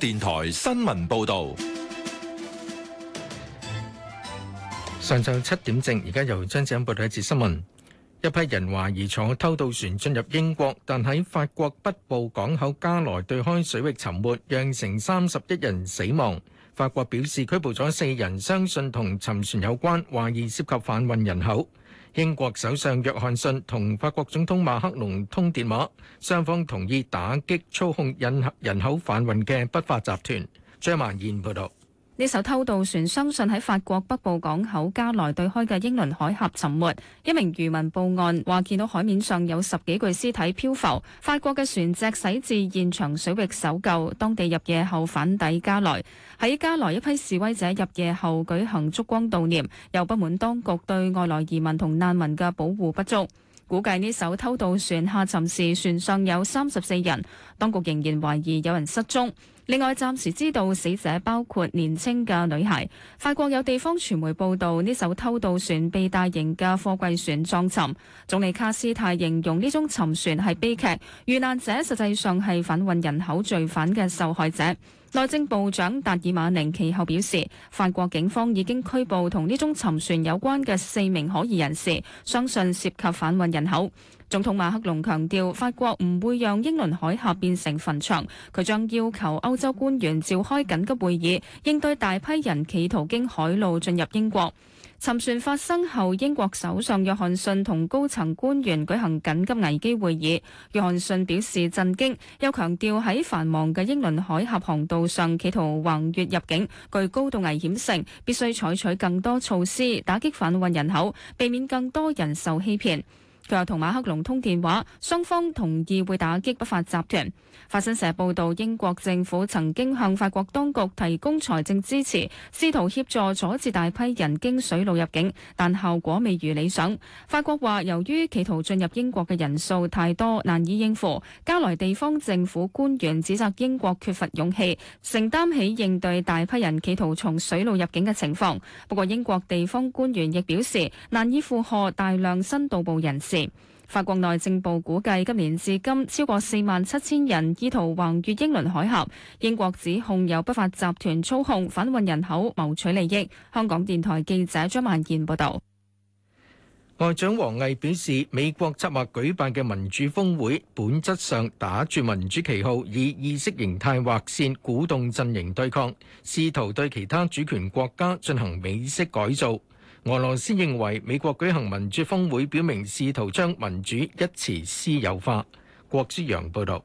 電台新聞報道。英國首相約翰遜同法國總統馬克龍通電話，雙方同意打擊操控人口人口販運嘅不法集團。張曼燕報導。呢艘偷渡船相信喺法國北部港口加萊對開嘅英倫海峽沉沒，一名漁民報案話見到海面上有十幾具屍體漂浮。法國嘅船隻駛至現場水域搜救，當地入夜後返抵加萊。喺加萊一批示威者入夜後舉行燭光悼念，又不滿當局對外來移民同難民嘅保護不足。估計呢艘偷渡船下沉時船上有三十四人，當局仍然懷疑有人失蹤。另外，暫時知道死者包括年輕嘅女孩。法國有地方傳媒報道，呢艘偷渡船被大型嘅貨櫃船撞沉。總理卡斯泰形容呢宗沉船係悲劇，遇難者實際上係販運人口罪犯嘅受害者。內政部長達爾馬寧其後表示，法國警方已經拘捕同呢宗沉船有關嘅四名可疑人士，相信涉及販運人口。總統馬克龍強調，法國唔會讓英倫海峽變成墳場。佢將要求歐洲官員召開緊急會議，應對大批人企圖經海路進入英國。沉船發生後，英國首相約翰遜同高層官員舉行緊急危機會議。約翰遜表示震驚，又強調喺繁忙嘅英倫海峽航道上企圖橫越入境，具高度危險性，必須採取更多措施，打擊販運人口，避免更多人受欺騙。佢話同馬克龍通電話，雙方同意會打擊不法集團。《法新社》報道，英國政府曾經向法國當局提供財政支持，試圖協助阻止大批人經水路入境，但效果未如理想。法國話，由於企圖進入英國嘅人數太多，難以應付。加來地方政府官員指責英國缺乏勇氣，承擔起應對大批人企圖從水路入境嘅情況。不過英國地方官員亦表示，難以負荷大量新抵埗人士。法國內政部估計，今年至今超過四萬七千人意圖橫越英倫海峽。英國指控有不法集團操控販運人口謀取利益。香港電台記者張萬健報道。外長王毅表示，美國策劃舉辦嘅民主峰會，本質上打住民主旗號，以意識形態劃線，鼓動陣營對抗，試圖對其他主權國家進行美式改造。俄羅斯認為美國舉行民主峰會，表明試圖將民主一詞私有化。郭之洋報導，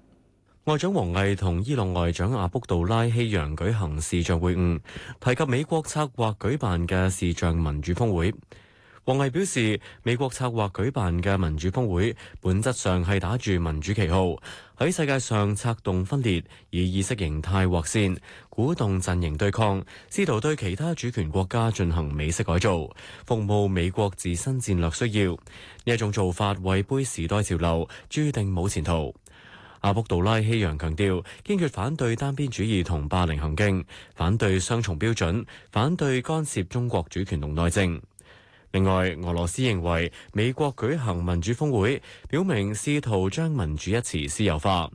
外長王毅同伊朗外長阿卜杜拉希揚舉行視像會晤，提及美國策劃舉辦嘅視像民主峰會。王毅表示，美國策劃舉辦嘅民主峰會，本質上係打住民主旗號喺世界上策動分裂，以意識形態劃線，鼓動陣營對抗，試圖對其他主權國家進行美式改造，服務美國自身戰略需要。呢一種做法違背時代潮流，注定冇前途。阿卜杜拉希揚強調，堅決反對單邊主義同霸凌行徑，反對雙重標準，反對干涉中國主權同內政。另外，俄羅斯認為美國舉行民主峰會，表明試圖將民主一詞私有化。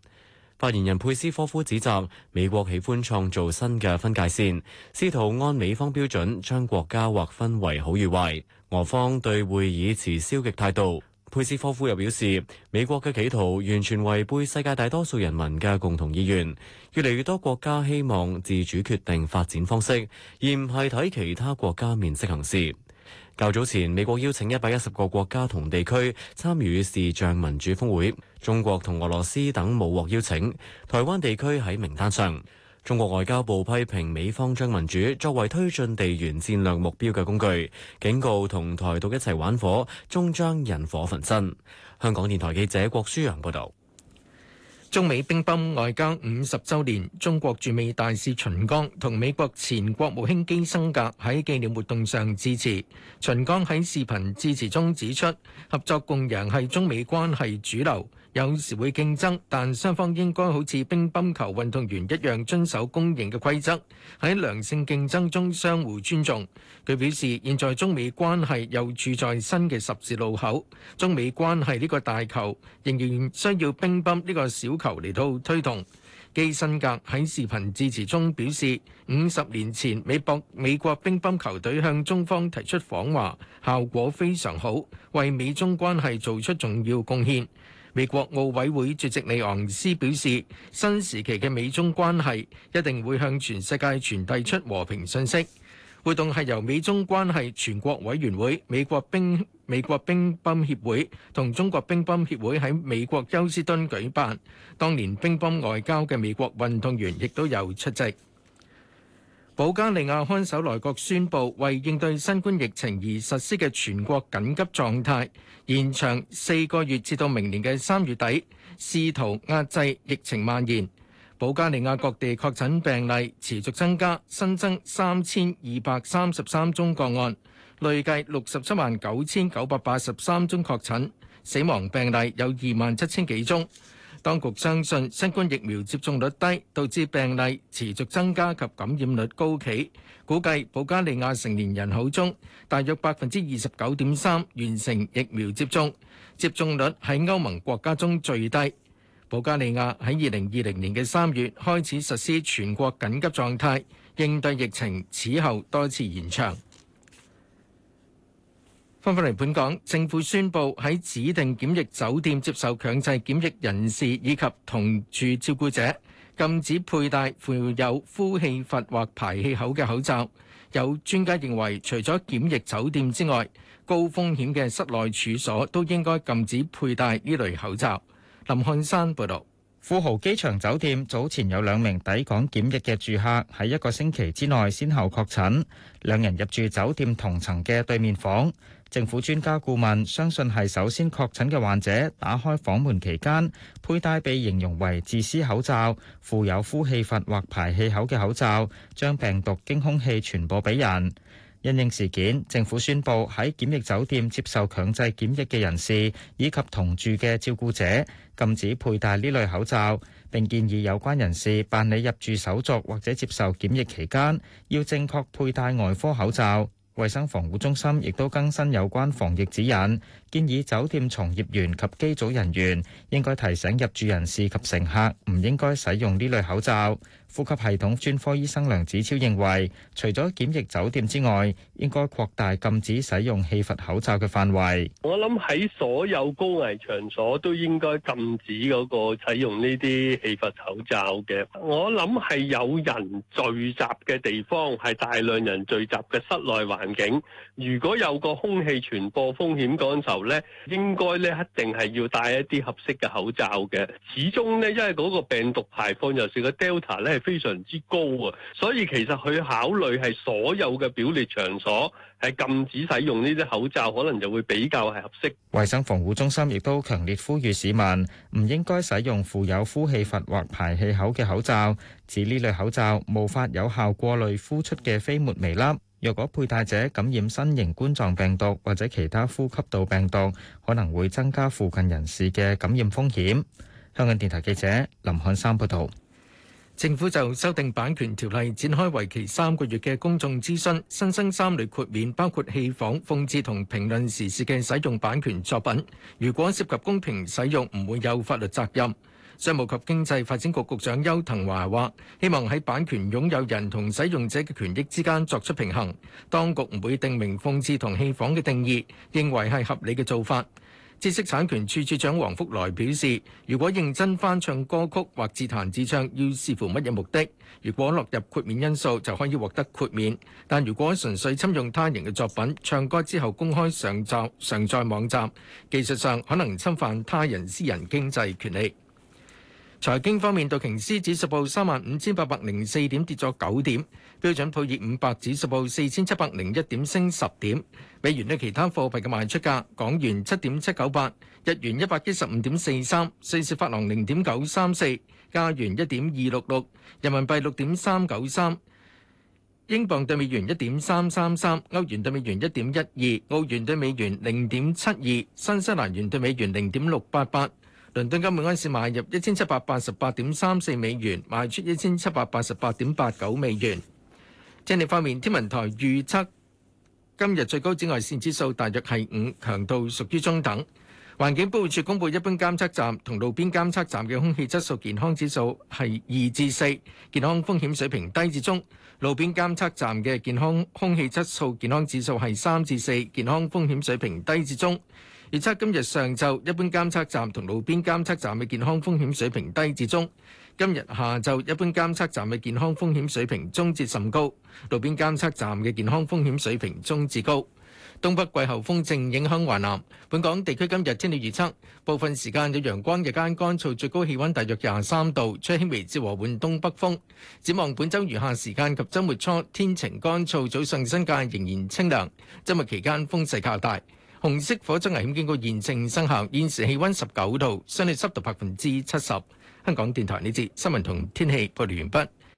發言人佩斯科夫指責美國喜歡創造新嘅分界線，試圖按美方標準將國家劃分為好與壞。俄方對會議持消極態度。佩斯科夫又表示，美國嘅企圖完全違背世界大多數人民嘅共同意願。越嚟越多國家希望自主決定發展方式，而唔係睇其他國家面色行事。較早前，美國邀請一百一十個國家同地區參與視像民主峰會，中國同俄羅斯等冇獲邀請，台灣地區喺名單上。中國外交部批評美方將民主作為推進地緣戰略目標嘅工具，警告同台獨一齊玩火，終將引火焚身。香港電台記者郭舒陽報道。中美乒乓外交五十周年，中國駐美大使秦剛同美國前國務卿基辛格喺紀念活動上致辭。秦剛喺視頻致辭中指出，合作共贏係中美關係主流。有時會競爭，但雙方應該好似乒乓球運動員一樣遵守公認嘅規則，喺良性競爭中相互尊重。佢表示，現在中美關係又處在新嘅十字路口，中美關係呢個大球仍然需要乒乓呢個小球嚟到推動。基辛格喺視頻致辭中表示，五十年前美國美國乒乓球隊向中方提出訪華，效果非常好，為美中關係做出重要貢獻。美國奧委會主席李昂斯表示，新時期嘅美中關係一定會向全世界傳遞出和平信息。活動係由美中關係全國委員會、美國乒美國乒乓協會同中國乒乓協會喺美國休斯敦舉辦。當年乒乓外交嘅美國運動員亦都有出席。保加利亞看守內閣宣布，為應對新冠疫情而實施嘅全國緊急狀態延長四個月，至到明年嘅三月底，試圖壓制疫情蔓延。保加利亞各地確診病例持續增加，新增三千二百三十三宗個案，累計六十七萬九千九百八十三宗確診，死亡病例有二萬七千幾宗。當局相信新冠疫苗接種率低，導致病例持續增加及感染率高企。估計保加利亞成年人口中大約百分之二十九點三完成疫苗接種，接種率喺歐盟國家中最低。保加利亞喺二零二零年嘅三月開始實施全國緊急狀態應對疫情，此後多次延長。翻返嚟本港，政府宣布喺指定檢疫酒店接受強制檢疫人士以及同住照顧者禁止佩戴附有呼氣閥或排氣口嘅口罩。有專家認為，除咗檢疫酒店之外，高風險嘅室內處所都應該禁止佩戴呢類口罩。林漢山報導。富豪機場酒店早前有兩名抵港檢疫嘅住客喺一個星期之內先後確診，兩人入住酒店同層嘅對面房。政府專家顧問相信係首先確診嘅患者打開房門期間佩戴被形容為自私口罩、附有呼氣閥或排氣口嘅口罩，將病毒經空氣傳播俾人。因應事件，政府宣布喺檢疫酒店接受強制檢疫嘅人士以及同住嘅照顧者禁止佩戴呢類口罩，並建議有關人士辦理入住手續或者接受檢疫期間，要正確佩戴外科口罩。衛生防護中心亦都更新有關防疫指引，建議酒店從業員及機組人員應該提醒入住人士及乘客，唔應該使用呢類口罩。呼吸系統專科醫生梁子超認為，除咗檢疫酒店之外，應該擴大禁止使用氣境如果有個空氣傳播風險嗰時候咧，應該咧一定係要戴一啲合適嘅口罩嘅。始終咧，因為嗰個病毒排放尤其是個 Delta 咧係非常之高啊，所以其實去考慮係所有嘅表列場所係禁止使用呢啲口罩，可能就會比較係合適。衛生防護中心亦都強烈呼籲市民唔應該使用附有呼氣閥或排氣口嘅口罩，指呢類口罩無法有效過濾呼出嘅飛沫微粒。若果佩戴者感染新型冠狀病毒或者其他呼吸道病毒,可能會增加附近人士嘅感染風險。香港電台記者林漢山報道。政府就修訂版權條例展開為期三個月嘅公眾諮詢,新增三類豁免,包括戲仿、諷刺同評論時事嘅使用版權作品。如果涉及公平使用,唔會有法律責任。商務及經濟發展局局長邱騰華話：希望喺版權擁有人同使用者嘅權益之間作出平衡。當局唔會定明諷刺同戲仿嘅定義，認為係合理嘅做法。知識產權處處長黃福來表示：如果認真翻唱歌曲或自彈自唱，要視乎乜嘢目的。如果落入豁免因素，就可以獲得豁免。但如果純粹侵用他人嘅作品，唱歌之後公開上載上載網站，技術上可能侵犯他人私人經濟權利。財經方面，道瓊斯指數報三萬五千八百零四點，跌咗九點；標準普爾五百指數報四千七百零一點，升十點。美元對其他貨幣嘅賣出價：港元七點七九八，日元一百一十五點四三，瑞士法郎零點九三四，加元一點二六六，人民幣六點三九三，英鎊對美元一點三三三，歐元對美元一點一二，澳元對美元零點七二，新西蘭元對美元零點六八八。倫敦金本安士買入一千七百八十八點三四美元，賣出一千七百八十八點八九美元。天氣方面，天文台預測今日最高紫外線指數大約係五，強度屬於中等。環境保護署公布一般監測站同路邊監測站嘅空氣質素健康指數係二至四，健康風險水平低至中。路邊監測站嘅健康空氣質素健康指數係三至四，健康風險水平低至中。預測今日上晝一般監測站同路邊監測站嘅健康風險水平低至中。今日下晝一般監測站嘅健康風險水平中至甚高，路邊監測站嘅健康風險水平中至高。東北季候風正影響華南，本港地區今日天氣預測部分時間有陽光，日間乾燥，最高氣溫大約廿三度，吹輕微至和緩東北風。展望本周餘下時間及周末初天晴乾燥，早上新界仍然清涼，周末期間風勢較大。紅色火災危險警告現正生效。現時氣溫十九度，相對濕度百分之七十。香港電台呢節新聞同天氣報道完畢。